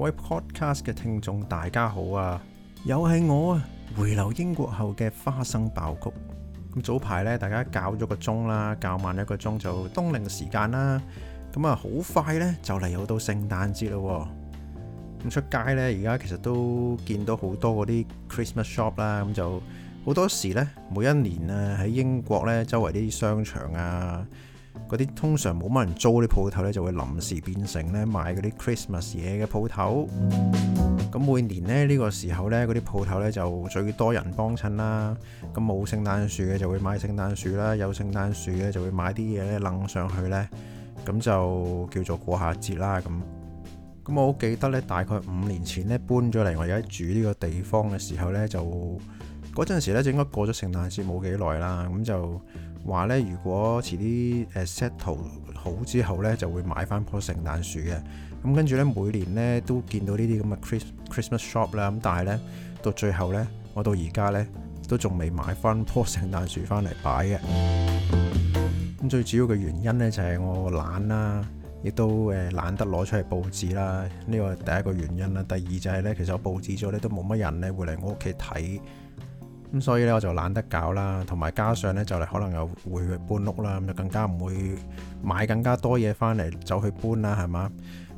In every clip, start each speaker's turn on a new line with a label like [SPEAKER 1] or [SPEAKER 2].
[SPEAKER 1] 各位 podcast 嘅聽眾，大家好啊！又係我啊，回流英國後嘅花生爆谷。咁早排咧，大家搞咗個鐘啦，搞慢一個鐘就冬令時間啦。咁啊，好快咧就嚟到到聖誕節咯。咁出街咧，而家其實都見到好多嗰啲 Christmas shop 啦。咁就好多時咧，每一年啊喺英國咧，周圍啲商場啊。嗰啲通常冇乜人租啲鋪頭呢，就會臨時變成呢賣嗰啲 Christmas 嘢嘅鋪頭。咁每年呢，呢個時候呢，嗰啲鋪頭呢，就最多人幫襯啦。咁冇聖誕樹嘅就會買聖誕樹啦，有聖誕樹嘅就會買啲嘢呢，掹上去呢。咁就叫做過下節啦。咁咁我好記得呢，大概五年前呢，搬咗嚟我而家住呢個地方嘅時候呢，就嗰陣時呢，就應該過咗聖誕節冇幾耐啦，咁就。話咧，如果遲啲誒 set 圖好之後咧，就會買翻棵聖誕樹嘅。咁跟住咧，每年咧都見到呢啲咁嘅 Christmas shop 啦。咁但係咧，到最後咧，我到而家咧都仲未買翻棵聖誕樹翻嚟擺嘅。咁最主要嘅原因咧就係、是、我懶啦，亦都誒懶得攞出嚟佈置啦。呢個第一個原因啦。第二就係咧，其實我佈置咗咧都冇乜人咧會嚟我屋企睇。咁所以咧我就懶得搞啦，同埋加上咧就嚟可能又會搬屋啦，咁就更加唔會買更加多嘢翻嚟走去搬啦，係嘛？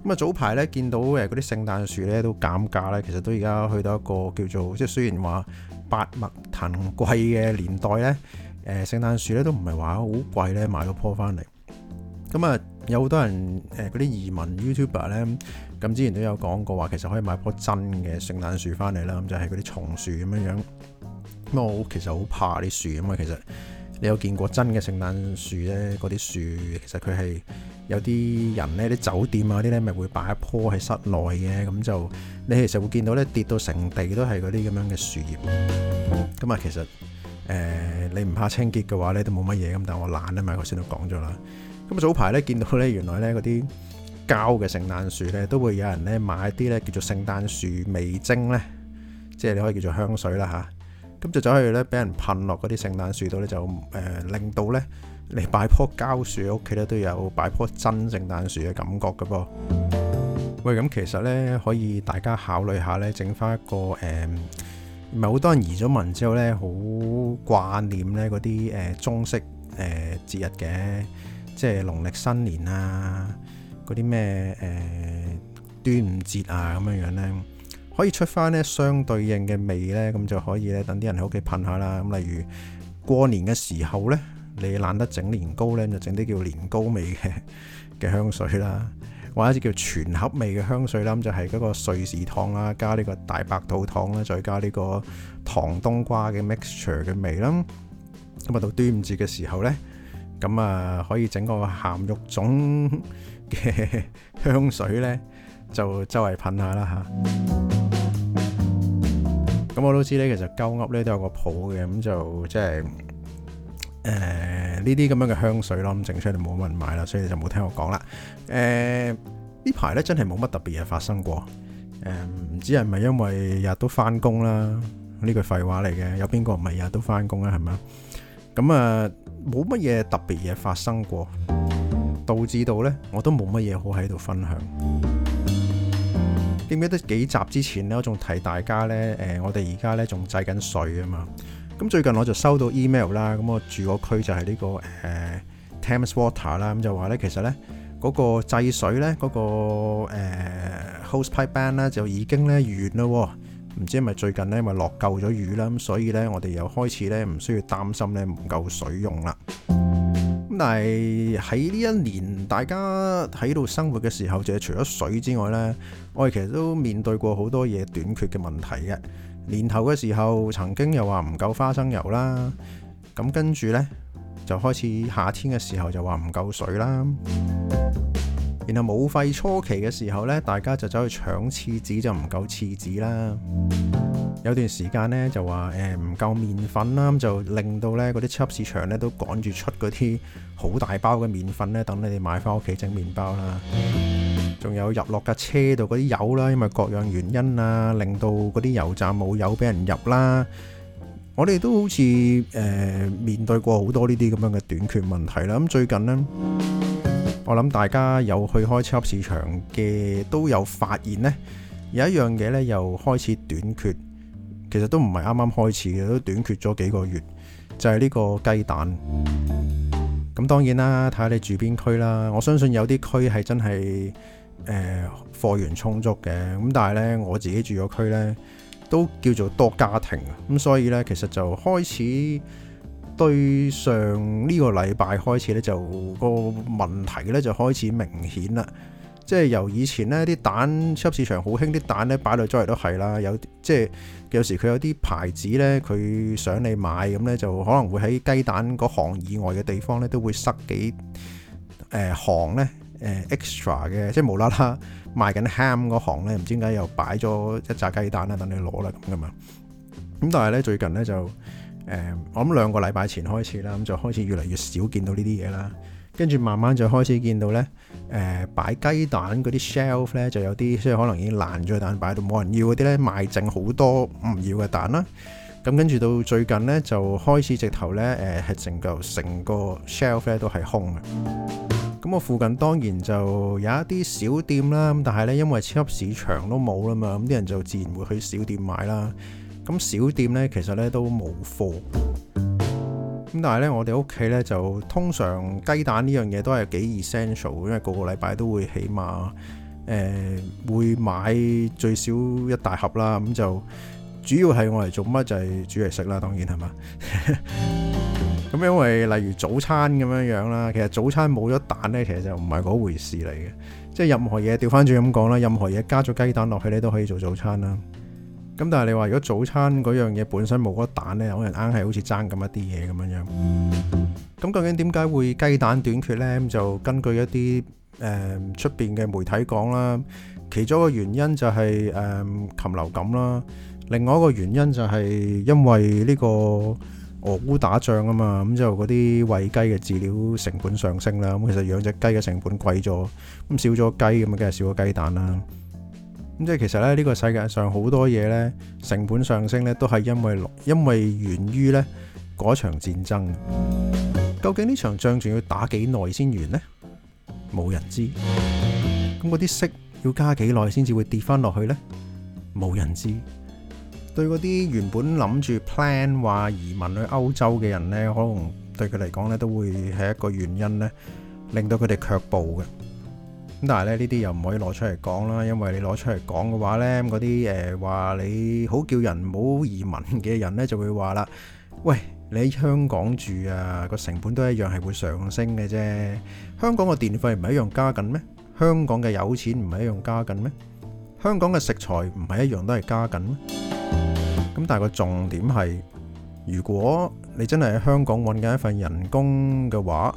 [SPEAKER 1] 咁啊早排咧見到誒嗰啲聖誕樹咧都減價咧，其實都而家去到一個叫做即係雖然話百物騰貴嘅年代咧，誒聖誕樹咧都唔係話好貴咧買個棵翻嚟。咁啊有好多人誒嗰啲移民 YouTuber 咧咁之前都有講過話，其實可以買一棵真嘅聖誕樹翻嚟啦，咁就係嗰啲松樹咁樣樣。其實好怕啲樹啊嘛。因為其實你有見過真嘅聖誕樹咧？嗰啲樹其實佢係有啲人咧，啲酒店啊啲咧，咪會擺一棵喺室內嘅。咁就你其實會見到咧，跌到成地都係嗰啲咁樣嘅樹葉。咁、嗯、啊、嗯，其實誒、呃、你唔怕清潔嘅話咧，都冇乜嘢咁。但係我懶啊嘛，頭先都講咗啦。咁早排咧見到咧，原來咧嗰啲膠嘅聖誕樹咧，都會有人咧買一啲咧叫做聖誕樹味精咧，即係你可以叫做香水啦嚇。咁就走去咧，俾人噴落嗰啲聖誕樹度咧，就、呃、令到咧嚟擺棵膠樹喺屋企咧，都有擺棵真聖誕樹嘅感覺噶噃。喂，咁其實咧，可以大家考慮下咧，整翻一個誒，唔係好多人移咗民之後咧，好掛念咧嗰啲誒中式誒、呃、節日嘅，即係農曆新年啊，嗰啲咩誒端午節啊咁樣樣咧。可以出翻呢相對應嘅味呢，咁就可以呢，等啲人喺屋企噴下啦。咁例如過年嘅時候呢，你懶得整年糕呢，就整啲叫年糕味嘅嘅香水啦，或者叫全盒味嘅香水啦，就係、是、嗰個瑞士糖啦，加呢個大白兔糖啦，再加呢個糖冬瓜嘅 mixture 嘅味啦。咁啊到端午節嘅時候呢，咁啊可以整個鹹肉粽嘅香水呢，就周圍噴下啦嚇。我都知咧，其實鳩噏咧都有個譜嘅，咁就即係即係誒呢啲咁樣嘅香水咯，咁整出嚟冇人買啦，所以就冇聽我講啦。誒、呃、呢排咧真係冇乜特別嘢發生過。誒、呃、唔知係咪因為日日都翻工返工啦？呢、這、句、個、廢話嚟嘅，有邊個唔係日日都翻工返工啊？係咪？咁啊冇乜嘢特別嘢發生過，導致到咧我都冇乜嘢好喺度分享。記唔記得幾集之前咧，我仲提大家、呃、呢？我哋而家呢仲制緊水啊嘛。咁最近我就收到 email 啦，咁我住嗰區就係呢、這個誒、呃、Thames Water 啦，咁就話呢，其實呢嗰、那個制水呢，嗰、那個、呃、Hosepipe Ban 呢就已經呢完啦喎。唔知係咪最近因為落夠咗雨啦，咁所以呢，我哋又開始呢唔需要擔心呢唔夠水用啦。咁但係喺呢一年，大家喺度生活嘅時候，就係除咗水之外呢，我哋其實都面對過好多嘢短缺嘅問題嘅。年頭嘅時候，曾經又話唔夠花生油啦，咁跟住呢，就開始夏天嘅時候就話唔夠水啦，然後武肺初期嘅時候呢，大家就走去搶廁紙，就唔夠廁紙啦。有段時間呢，就話誒唔夠麵粉啦，就令到呢嗰啲超級市場呢都趕住出嗰啲好大包嘅麵粉呢，等你哋買翻屋企整麵包啦。仲有入落架車度嗰啲油啦，因為各樣原因啊，令到嗰啲油站冇油俾人入啦。我哋都好似誒、呃、面對過好多呢啲咁樣嘅短缺問題啦。咁最近呢，我諗大家有去開超級市場嘅都有發現呢，有一樣嘢呢又開始短缺。其實都唔係啱啱開始嘅，都短缺咗幾個月。就係呢個雞蛋，咁當然啦，睇下你住邊區啦。我相信有啲區係真係誒貨源充足嘅，咁但係呢，我自己住個區呢，都叫做多家庭，咁所以呢，其實就開始對上呢個禮拜開始呢，就個問題呢，就開始明顯啦。即係由以前呢啲蛋超級市場好興，啲蛋咧擺到周圍都係啦。有即係、就是、有時佢有啲牌子呢，佢想你買咁呢，就可能會喺雞蛋嗰行以外嘅地方呢都會塞幾誒行呢誒 extra 嘅，即係無啦啦賣緊 ham 嗰行呢，唔知點解又擺咗一紮雞蛋啦，等你攞啦咁嘅嘛。咁但係呢，最近呢，就、呃、誒，我諗兩個禮拜前開始啦，咁就開始越嚟越少見到呢啲嘢啦。跟住慢慢就開始見到呢，誒擺雞蛋嗰啲 shelf 呢就有啲，即係可能已經爛咗蛋擺到冇人要嗰啲呢，賣剩好多唔要嘅蛋啦。咁跟住到最近呢，就開始直頭呢，誒係成嚿成個 shelf 呢都係空嘅。咁我附近當然就有一啲小店啦，咁但係呢，因為超級市場都冇啦嘛，咁啲人就自然會去小店買啦。咁小店呢，其實呢都冇貨。咁但係咧，我哋屋企咧就通常雞蛋呢樣嘢都係幾 essential，因為個個禮拜都會起碼誒會買最少一大盒啦。咁就主要係我嚟做乜就係煮嚟食啦，當然係嘛。咁 因為例如早餐咁樣樣啦，其實早餐冇咗蛋呢，其實就唔係嗰回事嚟嘅。即係任何嘢，掉翻轉咁講啦，任何嘢加咗雞蛋落去呢，都可以做早餐啦。咁但係你話如果早餐嗰樣嘢本身冇咗蛋呢，可能硬係好似爭咁一啲嘢咁樣樣。咁究竟點解會雞蛋短缺呢？咁就根據一啲誒出邊嘅媒體講啦，其中一個原因就係誒禽流感啦。另外一個原因就係因為呢個俄烏打仗啊嘛，咁就嗰啲餵雞嘅飼料成本上升啦。咁其實養隻雞嘅成本貴咗，咁少咗雞咁啊，梗係少咗雞蛋啦。即係其實咧，呢個世界上好多嘢呢，成本上升呢都係因為落，因為源於呢嗰場戰爭。究竟呢場仗仲要打幾耐先完呢？冇人知。咁嗰啲息要加幾耐先至會跌返落去呢？冇人知。對嗰啲原本諗住 plan 話移民去歐洲嘅人呢，可能對佢嚟講呢，都會係一個原因呢，令到佢哋卻步嘅。咁但係咧，呢啲又唔可以攞出嚟講啦，因為你攞出嚟講嘅話咧，嗰啲誒話你好叫人唔好移民嘅人咧，就會話啦：喂，你喺香港住啊，個成本都一樣係會上升嘅啫。香港嘅電費唔係一樣加緊咩？香港嘅有錢唔係一樣加緊咩？香港嘅食材唔係一樣都係加緊咩？咁但係個重點係，如果你真係喺香港揾緊一份人工嘅話，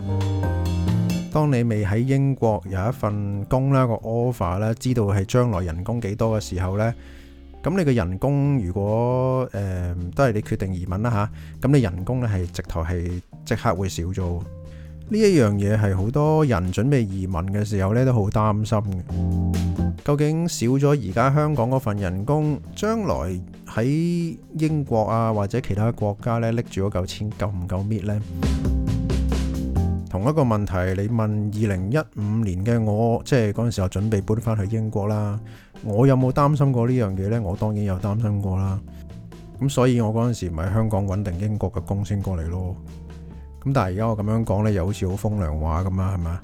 [SPEAKER 1] 當你未喺英國有一份工啦，個 offer 啦，知道係將來人工幾多嘅時候咧，咁你嘅人工如果誒都係你決定移民啦嚇，咁你人工咧係直頭係即刻會少咗。呢一樣嘢係好多人準備移民嘅時候咧都好擔心嘅。究竟少咗而家香港嗰份人工，將來喺英國啊或者其他國家咧拎住嗰嚿錢夠唔夠搣咧？同一個問題，你問二零一五年嘅我，即係嗰陣時我準備搬翻去英國啦，我有冇擔心過呢樣嘢呢？我當然有擔心過啦。咁所以，我嗰陣時唔係香港搵定英國嘅工先過嚟咯。咁但係而家我咁樣講呢，又好似好風涼話咁啊，係嘛？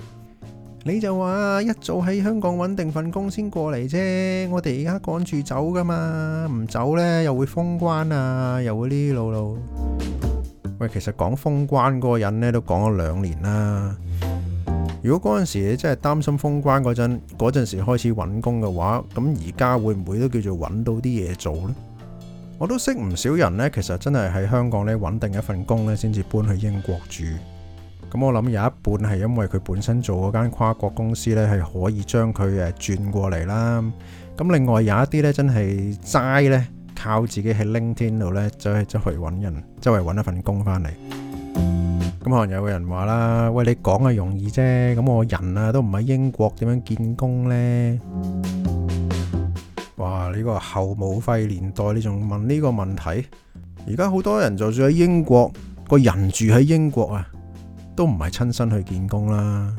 [SPEAKER 1] 你就話一早喺香港搵定份工先過嚟啫。我哋而家趕住走噶嘛，唔走呢又會封關啊，又會呢路路。喂，其實講封關嗰個人呢都講咗兩年啦。如果嗰陣時你真係擔心封關嗰陣，嗰陣時開始揾工嘅話，咁而家會唔會都叫做揾到啲嘢做呢？我都識唔少人呢，其實真係喺香港呢揾定一份工呢先至搬去英國住。咁我諗有一半係因為佢本身做嗰間跨國公司呢，係可以將佢誒轉過嚟啦。咁另外有一啲呢，真係齋呢。靠自己喺 LinkedIn 度咧，再再去揾人，周圍揾一份工翻嚟。咁可能有個人話啦，喂，你講係容易啫。咁我人啊都唔喺英國，點樣見工呢？哇！呢個後無費年代，你仲問呢個問題？而家好多人就算喺英國，個人住喺英國啊，都唔係親身去見工啦。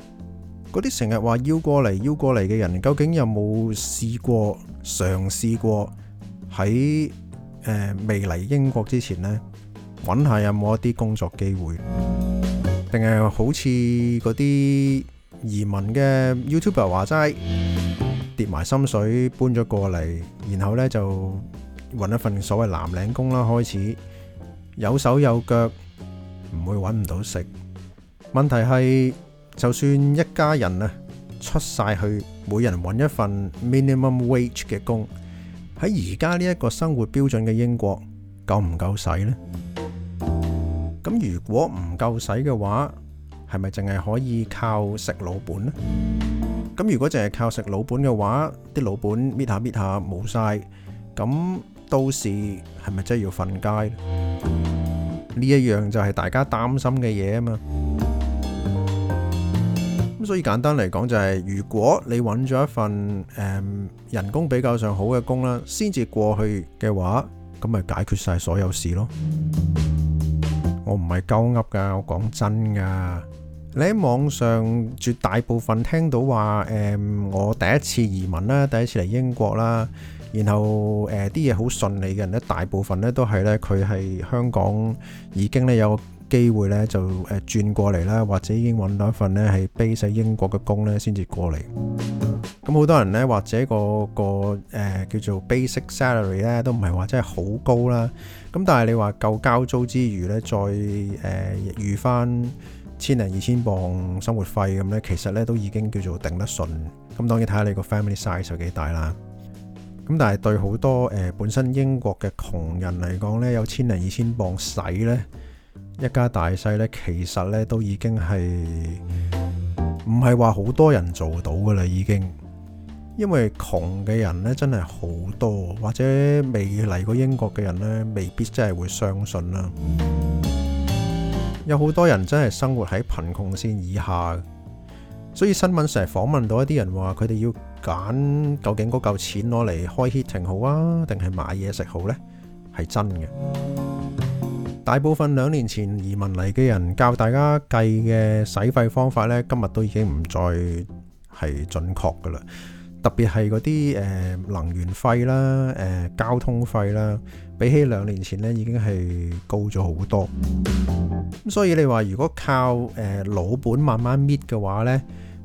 [SPEAKER 1] 嗰啲成日話要過嚟，要過嚟嘅人，究竟有冇試過嘗試過？嘗試過喺誒未嚟英國之前呢，揾下有冇一啲工作機會，定係好似嗰啲移民嘅 YouTuber 話齋，跌埋心水搬咗過嚟，然後呢就揾一份所謂藍領工啦，開始有手有腳，唔會揾唔到食。問題係，就算一家人啊出晒去，每人揾一份 minimum wage 嘅工。喺而家呢一個生活標準嘅英國夠唔夠使呢？咁如果唔夠使嘅話，係咪淨係可以靠食老本呢？咁如果淨係靠食老本嘅話，啲老本搣下搣下冇晒，咁到時係咪真係要瞓街呢？呢一樣就係大家擔心嘅嘢啊嘛。咁所以簡單嚟講，就係如果你揾咗一份誒、嗯、人工比較上好嘅工啦，先至過去嘅話，咁咪解決晒所有事咯。我唔係鳩噏㗎，我講真㗎。你喺網上絕大部分聽到話誒、嗯，我第一次移民啦，第一次嚟英國啦，然後誒啲嘢好順利嘅人咧，大部分咧都係呢，佢係香港已經呢有。機會咧就誒轉過嚟啦，或者已經揾到一份咧係 basic 英國嘅工咧，先至過嚟。咁好多人呢，或者、那個個誒、呃、叫做 basic salary 呢，都唔係話真係好高啦。咁但係你話夠交租之餘呢，再誒、呃、預返千零二千鎊生活費咁呢，其實呢都已經叫做頂得順。咁當然睇下你個 family size 有幾大啦。咁但係對好多誒本身英國嘅窮人嚟講呢，有千零二千鎊使呢。一家大細咧，其實咧都已經係唔係話好多人做到噶啦，已經，因為窮嘅人咧真係好多，或者未嚟過英國嘅人咧，未必真係會相信啦。有好多人真係生活喺貧窮線以下，所以新聞成日訪問到一啲人話，佢哋要揀究竟嗰嚿錢攞嚟開 heating 好啊，定係買嘢食好呢？係真嘅。大部分兩年前移民嚟嘅人教大家計嘅使費方法咧，今日都已經唔再係準確噶啦。特別係嗰啲誒能源費啦、誒交通費啦，比起兩年前咧已經係高咗好多。咁所以你話如果靠誒老本慢慢搣嘅話咧，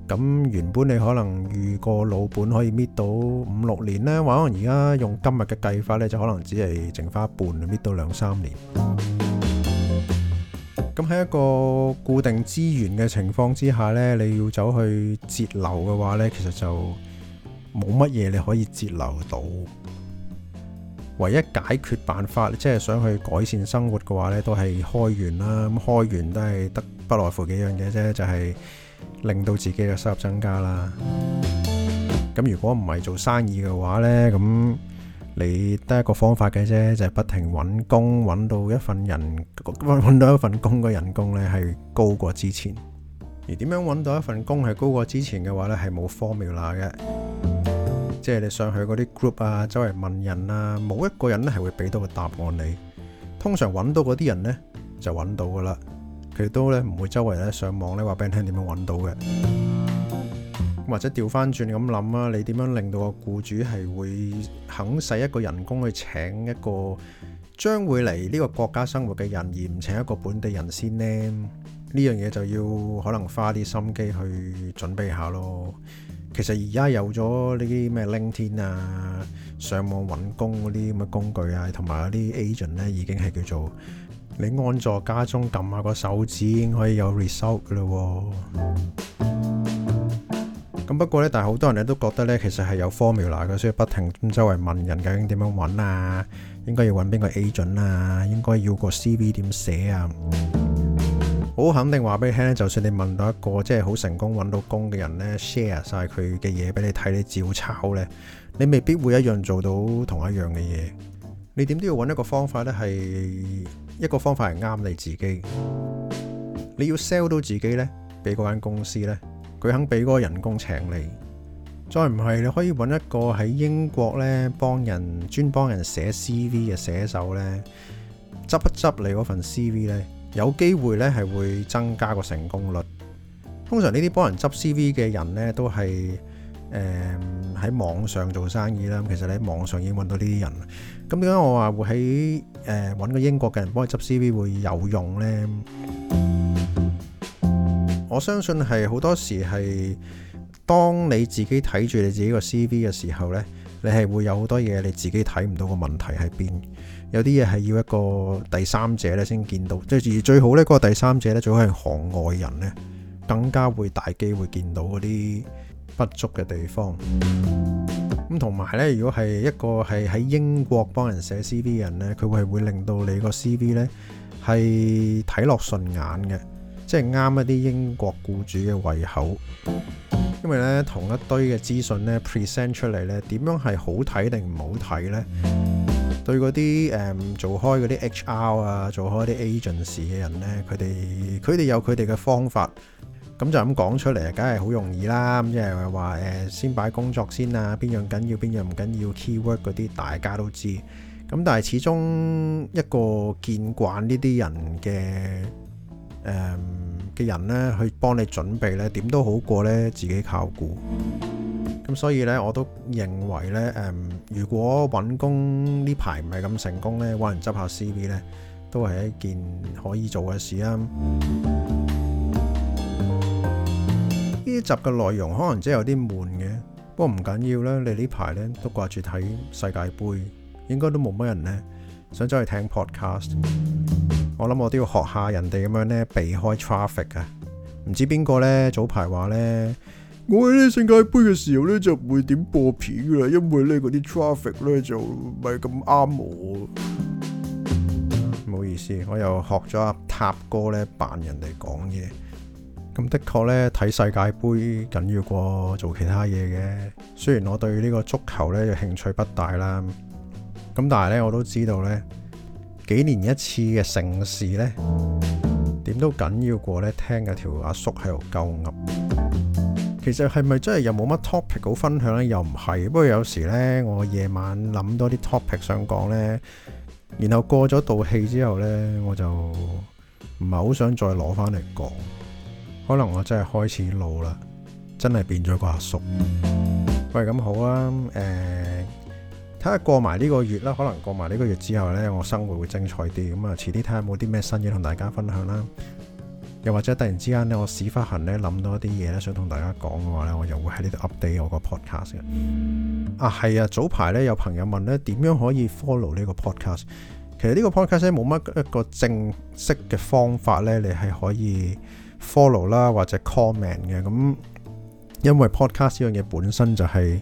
[SPEAKER 1] 咁原本你可能預個老本可以搣到五六年咧，或可能而家用今日嘅計法咧，就可能只係剩翻一半，搣到兩三年。咁喺一個固定資源嘅情況之下呢，你要走去節流嘅話呢，其實就冇乜嘢你可以節流到。唯一解決辦法，即係想去改善生活嘅話呢，都係開源啦。咁開源都係得不外乎幾樣嘢啫，就係、是、令到自己嘅收入增加啦。咁如果唔係做生意嘅話呢。咁。你得一個方法嘅啫，就係、是、不停揾工，揾到一份人揾到一份工嘅人工呢係高過之前。而點樣揾到一份工係高過之前嘅話呢？係冇 formula 嘅，即係你上去嗰啲 group 啊，周圍問人啊，冇一個人咧係會俾到個答案你。通常揾到嗰啲人呢，就揾到㗎喇，佢都呢唔會周圍咧上網呢話俾你聽點樣揾到嘅。或者調翻轉咁諗啊，你點樣令到個僱主係會肯使一個人工去請一個將會嚟呢個國家生活嘅人，而唔請一個本地人先咧？呢樣嘢就要可能花啲心機去準備下咯。其實而家有咗呢啲咩 link 天啊，上網揾工嗰啲咁嘅工具啊，同埋一啲 agent 呢，已經係叫做你安坐家中撳下個手指已經可以有 result 噶啦喎。咁不過咧，但係好多人咧都覺得咧，其實係有 formula 嘅，所以不停咁周圍問人究竟點樣揾啊？應該要揾邊個 agent 啊？應該要個 CV 點寫啊？好肯定話俾你聽咧，就算你問到一個即係好成功揾到工嘅人咧，share 曬佢嘅嘢俾你睇，你照抄咧，你未必會一樣做到同一樣嘅嘢。你點都要揾一個方法咧，係一個方法係啱你自己。你要 sell 到自己咧，俾嗰間公司咧。佢肯俾嗰個人工請你，再唔係你可以揾一個喺英國咧幫人專幫人寫 C V 嘅寫手咧，執一執你嗰份 C V 咧，有機會咧係會增加個成功率。通常呢啲幫人執 C V 嘅人咧都係誒喺網上做生意啦。咁其實你喺網上已經揾到呢啲人啦。咁點解我話會喺誒揾個英國嘅人幫你執 C V 會有用咧？我相信係好多時係當你自己睇住你自己個 CV 嘅時候呢，你係會有好多嘢你自己睇唔到個問題喺邊，有啲嘢係要一個第三者咧，先見到，即係而最好呢嗰個第三者咧，最好係行外人呢，更加會大機會見到嗰啲不足嘅地方。咁同埋呢，如果係一個係喺英國幫人寫 CV 嘅人呢，佢會係會令到你個 CV 呢係睇落順眼嘅。即係啱一啲英國僱主嘅胃口，因為呢同一堆嘅資訊呢 present 出嚟呢點樣係好睇定唔好睇呢？對嗰啲、嗯、做開嗰啲 HR 啊，做開啲 agency 嘅人呢，佢哋佢哋有佢哋嘅方法，咁就咁講出嚟，梗係好容易啦。咁即係話先擺工作先啊，邊樣緊要，邊樣唔緊要，keyword 嗰啲大家都知。咁但係始終一個見慣呢啲人嘅。誒嘅人呢去幫你準備呢，點都好過呢自己靠估。咁所以呢，我都認為呢，誒，如果揾工呢排唔係咁成功呢，揾人執下 CV 呢都係一件可以做嘅事啊。呢 集嘅內容可能真係有啲悶嘅，不過唔緊要啦。你呢排呢都掛住睇世界盃，應該都冇乜人呢想走去聽 podcast。我諗我都要學下人哋咁樣咧避開 traffic 啊！唔知邊個咧早排話咧，我喺呢個世界杯嘅時候咧就唔會點播片噶啦，因為咧嗰啲 traffic 咧就唔係咁啱我。唔好意思，我又學咗阿、啊、塔哥咧扮人哋講嘢。咁的確咧睇世界杯緊要過做其他嘢嘅。雖然我對呢個足球咧就興趣不大啦，咁但係咧我都知道咧。幾年一次嘅盛事咧，點都緊要過咧。聽嗰條阿叔喺度鳩噏，其實係咪真係又冇乜 topic 好分享咧？又唔係。不過有時咧，我夜晚諗多啲 topic 想講咧，然後過咗度氣之後咧，我就唔係好想再攞翻嚟講。可能我真係開始老啦，真係變咗個阿叔。喂，咁好啊，誒。睇下過埋呢個月啦，可能過埋呢個月之後呢，我生活會精彩啲。咁啊，遲啲睇下有冇啲咩新嘢同大家分享啦。又或者突然之間呢，我屎忽痕呢，諗到一啲嘢呢，想同大家講嘅話呢，我又會喺呢度 update 我個 podcast 嘅。啊，係啊，早排呢，有朋友問呢，點樣可以 follow 呢個 podcast。其實呢個 podcast 呢，冇乜一個正式嘅方法呢，你係可以 follow 啦，或者 comment 嘅。咁因為 podcast 呢樣嘢本身就係、是。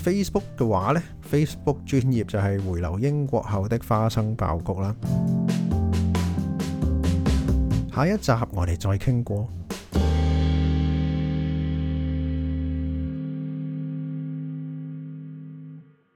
[SPEAKER 1] Facebook 嘅話呢 Facebook 專業就係回流英國後的花生爆谷啦。下一集我哋再傾過。